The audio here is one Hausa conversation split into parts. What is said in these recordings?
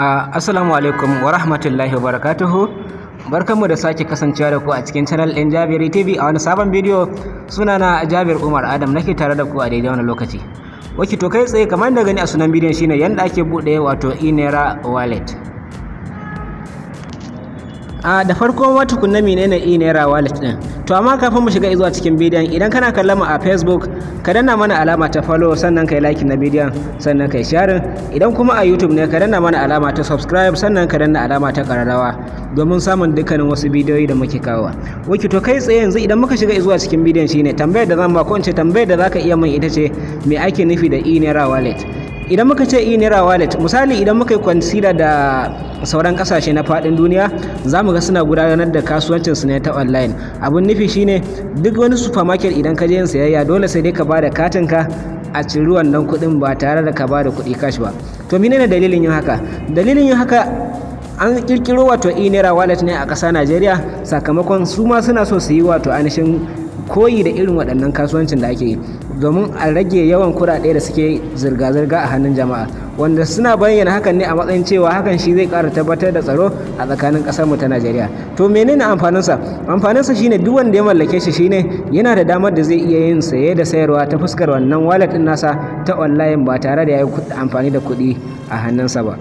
Assalamu alaikum wa rahmatullahi wa barakatuhu barkanmu da sake kasancewa da ku a cikin channel ɗin Jabiri TV a wani sabon bidiyo sunana Jabir Umar Adam nake tare da ku a daidai wani lokaci waki to kai tsaye kamar da gani a sunan bidiyon shine yanda ake buɗe wato inera naira wallet a da farko ma tukunna menene e naira wallet din to amma kafin mu shiga zuwa cikin bidiyon idan kana kallon mu a facebook ka danna mana alama ta follow sannan kai like na bidiyon sannan kai share idan kuma a youtube ne ka danna mana alama ta subscribe sannan ka danna alama ta kararrawa domin samun dukkanin wasu bidiyoyi da muke kawowa wake to kai tsaye yanzu idan muka shiga zuwa cikin bidiyon shine tambayar da zan ba ko in ce tambayar da zaka iya min ita ce me ake nufi da e naira wallet idan muka ce e naira wallet misali idan muka yi consider da sauran kasashe na faɗin duniya za mu ga suna gudanar da kasuwancin su ne ta online abun nufi shine duk wani supermarket idan ka je yin sayayya dole sai dai ka ba da katinka a ciri wannan kuɗin ba tare da ka ba da kuɗi cash ba to menene dalilin yin haka dalilin yin haka an kirkiro wato e naira wallet ne a ƙasa najeriya sakamakon su ma suna so su yi wato ainihin koyi da irin waɗannan kasuwancin da ake yi domin a rage yawan kuɗaɗe da suke zirga-zirga a hannun jama'a wanda suna bayyana hakan ne a matsayin cewa hakan shi zai ƙara tabbatar da tsaro a tsakanin mu ta najeriya to menene amfaninsa amfaninsa shine duk wanda ya mallake shi shine yana da damar da zai iya yin saye da sayarwa ta fuskar wannan wallet din nasa ta online ba tare da ya yi amfani da kuɗi a hannunsa ba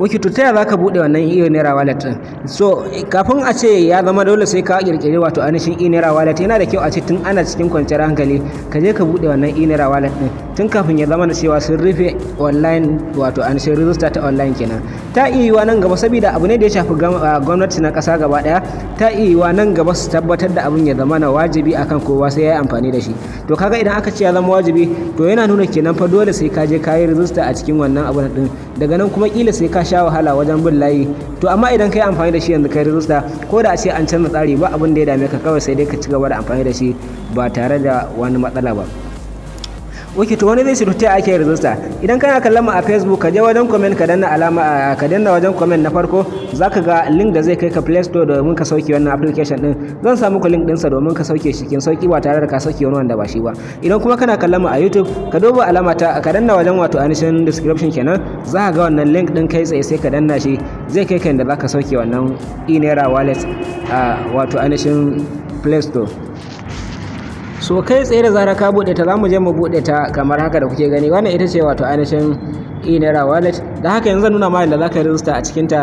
ok to taya zaka bude buɗe wannan iya e naira wallet ɗin so kafin a ce ya zama dole sai ka kirkire wato anishin iyo e naira wallet yana da kyau a ce tun ana cikin kwanciyar hankali ka je ka buɗe wannan iyo e naira wallet ɗin tun kafin ya zama da cewa sun rufe online wato an sun rijista ta online kenan ta iya nan gaba saboda abu ne da ya shafi ah, gwamnati na kasa gaba daya ta iya nan gaba su tabbatar da abin ya zama na wajibi akan kowa sai ya yi amfani da shi to kaga idan aka ce ya zama wajibi to yana nuna kenan fa dole sai ka je ka yi rijista a cikin wannan abu din daga nan kuma kila sai ka sha wahala wajen bin layi to amma idan ka yi amfani da shi yanzu ka yi ko da a ce an canza tsari ba abin da ya dame ka kawai sai dai ka ci gaba da amfani da shi ba tare da wani matsala ba ok to wani zai shiru ta ake rijista idan kana kallon mu a facebook ka je wajen comment ka danna alama eh, ka danna wajen comment na farko zaka ga link da zai kai ka play store domin ka sauke wannan application din zan samu ku link dinsa domin ka sauke shi kin sauki ba tare da ka sauke wani wanda ba shi ba idan kuma kana kallon mu a youtube ka duba alama ta ka danna wajen wato anishin description kenan za ga wannan link din kai tsaye sai ka danna shi zai kai ka inda zaka sauke wannan e naira wallet a eh, wato anishin play store so kai tsaye da zara ka buɗe ta za mu je mu buɗe ta kamar haka da kuke gani wannan ita ce wato ainihin inera wallet da haka yanzu nuna ma yadda za ka rinsta a cikinta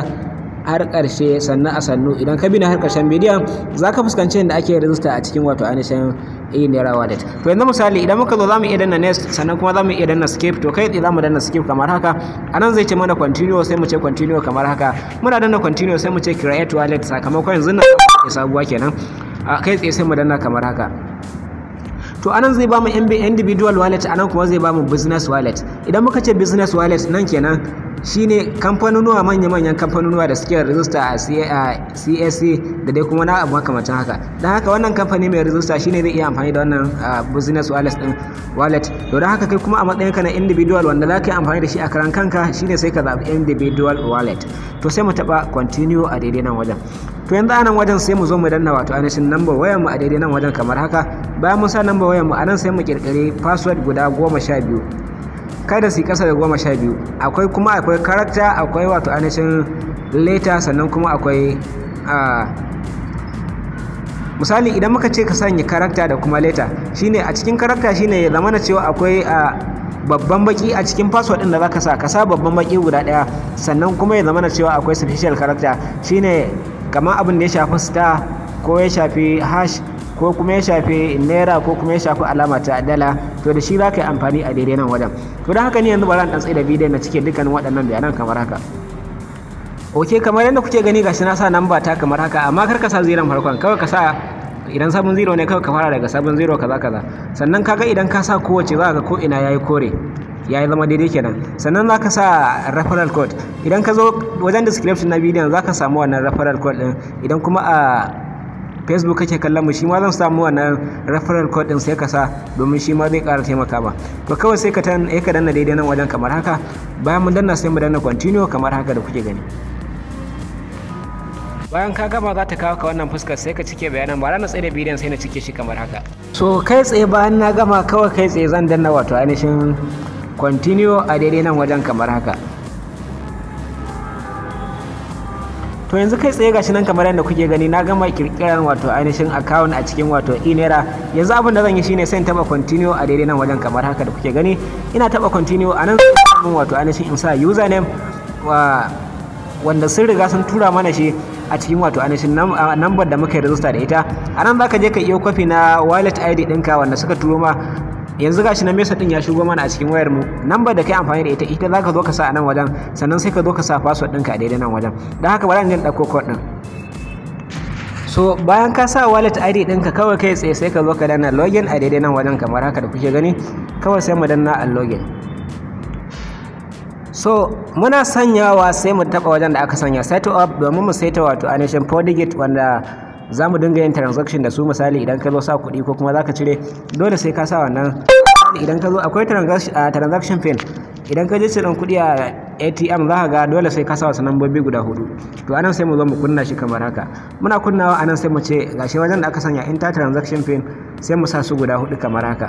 har ƙarshe sannan a sannu idan ka bi na har ƙarshen bidiyon za ka fuskanci yadda ake rinsta a cikin wato ainihin inera wallet to yanzu misali idan muka zo za mu iya danna next sannan kuma za mu iya danna skip to kai tsaye za mu danna skip kamar haka a nan zai ce mana continue sai mu ce continue kamar haka muna danna continue sai mu ce create wallet sakamakon yanzu na sabuwa kenan a kai tsaye sai mu danna kamar haka to anan zai bamu individual wallet anan kuma zai ba mu business wallet idan muka ce business wallet nan kenan shine kamfanonuwa manya-manyan kamfanonuwa da suke rijista a CSA da dai kuma na abu makamacin haka don haka wannan kamfani mai shi shine zai iya amfani da wannan business wallet din wallet don haka kai kuma a matsayin ka na individual wanda za ka yi amfani da shi a karan kanka shine sai ka zaɓi individual wallet to sai mu taɓa continue a daidai nan wajen to yanzu a nan wajen sai mu zo mu danna wato ainihin number wayar mu a daidai nan wajen kamar haka bayan mun sa number wayar mu nan sai mu kirkiri password guda goma sha biyu kada su yi ƙasa da goma sha biyu akwai kuma akwai karakta akwai wato ainihin leta sannan kuma akwai misali idan muka ce ka sanya karakta da kuma leta shine a cikin karakta shine ya zama na cewa akwai babban baki a cikin password din da zaka sa ka sa babban baki guda daya sannan kuma ya zama na cewa akwai special character shine kamar abin da ya shafi star ko ya shafi hash ko kuma ya shafi naira ko kuma ya shafi alama ta dala to da shi za ka yi amfani a daidai nan wajen to don haka ne yanzu bari ɗan tsaye da bidiyon na cike dukkan waɗannan bayanan kamar haka ok kamar yadda kuke gani gashi na sa namba ta kamar haka amma kar ka sa zeron farkon kawai ka sa idan sabon zero ne kawai ka fara daga sabon zero kaza kaza sannan kaga idan ka sa kowace za ka ko ina yayi kore ya zama daidai kenan sannan za ka sa referral code idan ka zo wajen description na bidiyon za ka samu wannan referral code din idan kuma a facebook kake kallon mu shi ma zan samu wannan referral code din sai ka sa domin shi ma zai ƙara taimaka ma to kawai sai ka tan ka danna daidai nan wajen kamar haka bayan mun danna sai mu danna continue kamar haka da kuke gani bayan ka gama za ta kawo ka wannan fuskar sai ka cike bayanan ba na tsaye da bidiyon sai na cike shi kamar haka so kai tsaye bayan na gama kawai kai tsaye zan danna wato ainihin continue a daidai nan wajen kamar haka to yanzu kai tsaye gashi nan kamar yadda kuke gani na gama kirkirar wato ainihin account a cikin wato inera yanzu abin da zan yi shine sai in taba continue a daidai nan wajen kamar haka da kuke gani ina taba continue a nan wato ainihin in sa username wa wanda sun riga sun tura mana shi a cikin wato ainihin nambar da muka yi da ita a nan za ka je ka iya kwafi na wallet id ɗinka wanda suka turo ma yanzu gashi na mesa din ya shigo mana a cikin wayar mu number da kai amfani da ita ita zaka zo ka sa a nan wajen sannan sai ka zo ka sa password ɗinka a daidai nan wajen don haka bari in dauko code ɗin so bayan ka sa wallet ID ka kawai kai tsaye sai ka zo ka danna login a daidai nan wajen kamar haka da kuke gani kawai sai mu danna a login so muna sanyawa sai mu taba wajen da aka sanya set up domin mu saita wato anishin podigate wanda za mu dinga yin transaction da su misali idan ka zo sa kuɗi ko kuma za ka cire dole sai ka sa wannan idan ka zo akwai ah, transaction pin idan ka je cire kuɗi a atm za ka ga dole sai ka sa wasu nambobi guda hudu to anan sai mu zo mu kunna shi kamar haka muna kunnawa anan sai mu ce gashi wajen da aka sanya inter transaction pin sai mu sa su guda hudu kamar haka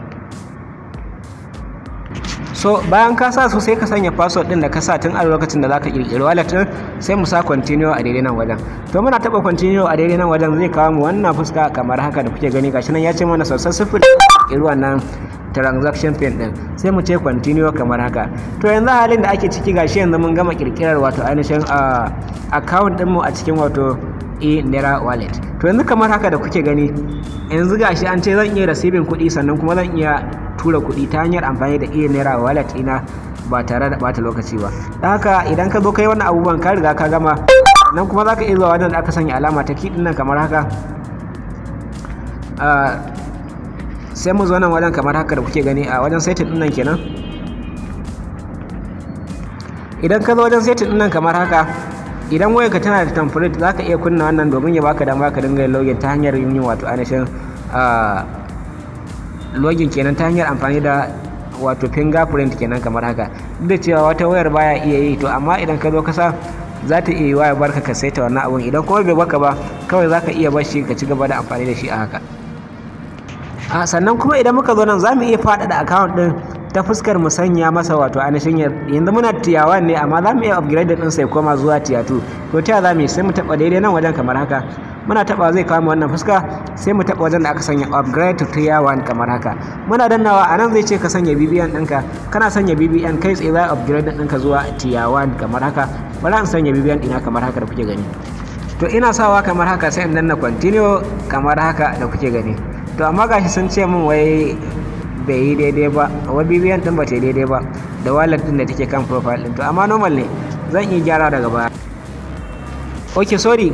so bayan ka sa su sai ka sanya password din da ka sa tun a lokacin da zaka kirkiri wallet din sai mu sa continue a daidai nan wajen to muna taba continue a daidai nan wajen zai kawo mu wannan fuska kamar haka da kuke gani gashi nan ya ce mana successful kirkiri wannan transaction pin din sai mu ce continue kamar haka to yanzu halin da ake ciki gashi yanzu mun gama kirkirar wato ainihin ah, account din mu a cikin wato e naira wallet to yanzu kamar haka da kuke gani yanzu gashi an ce zan iya receiving kuɗi sannan kuma zan iya tura kuɗi ta hanyar amfani da iya naira wallet ina ba tare da bata lokaci ba don haka idan ka zo kai wannan abubuwan ka riga ka gama nan kuma za ka iya zuwa wannan da aka sanya alama ta kiɗin nan kamar haka ah, sai mu zo nan wajen kamar haka da kuke gani a wajen setting ɗin nan kenan idan ka zo wajen setting ɗin nan kamar haka idan wayarka tana da template za ka iya kunna wannan domin ya baka dama ka dinga yin login ta hanyar yin wato ainihin ah, login kenan ta hanyar amfani da wato fingerprint kenan kamar haka duk da cewa wata wayar baya iya yi to amma idan ka zo kasa za ta iya yi waya barka ka saita wannan abun idan kuma bai baka ba kawai za ka iya bar shi ka ci gaba da amfani da shi a haka a sannan kuma idan muka zo nan za mu iya faɗaɗa account ɗin ta fuskar mu sanya masa wato ainihin yanzu muna tiyawa ne amma za mu iya upgrade ɗin sai koma zuwa tiyatu, to ta za mu yi sai mu taɓa daidai nan wajen kamar haka muna taba zai kama wannan fuska sai mu taba wajen da aka sanya upgrade to tier 1 kamar haka muna dannawa anan zai ce ka sanya bbn ɗinka kana sanya bbn kai tsaye za upgrade ɗinka zuwa tier 1 kamar haka bari an sanya bbn ɗina kamar haka da kuke gani to ina sawa kamar haka sai in danna continue kamar haka da kuke gani to amma gashi sun ce min wai bai yi daidai ba wai bibiyan ɗin ba ta daidai ba da wallet din da take kan profile din to amma normal ne zan iya gyara daga baya ok sorry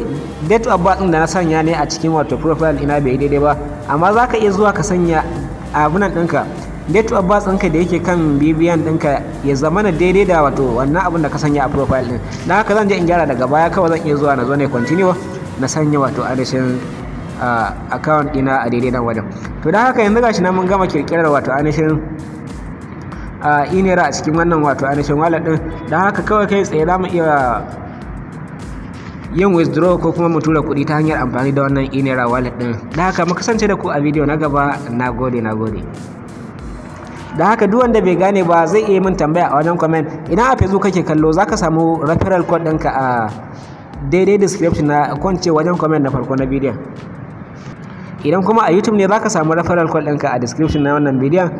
date of birth da na sanya ne a cikin wato profile ina bai daidai ba amma za ka iya zuwa ka sanya abunan ɗinka date of birth ɗinka da yake kan bibiyan ɗinka ya zama na daidai da wato wannan abun da ka sanya a profile ɗin na haka zan je in gyara daga baya kawai zan iya zuwa na zo ne continue na sanya wato adashin ah, account ɗina a daidai nan wajen to don haka yanzu gashi na mun gama kirkirar wato ainihin ah, inera a cikin wannan wato adashin wallet ɗin don haka kawai kai tsaye za mu iya yin withdraw ko kuma mu tura kuɗi ta hanyar amfani da wannan inera wallet ɗin da haka mu kasance da ku a bidiyo na gaba na gode na gode da haka duk wanda bai gane ba zai iya min tambaya a wajen comment idan a facebook kake kallo zaka samu referral code ɗinka a daidai description na kwance wajen comment na farko na bidiyon idan kuma a youtube ne zaka samu referral code ɗinka a description na wannan bidiyon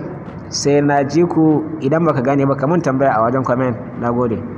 sai na ji ku idan baka gane ba ka mun tambaya a wajen comment na gode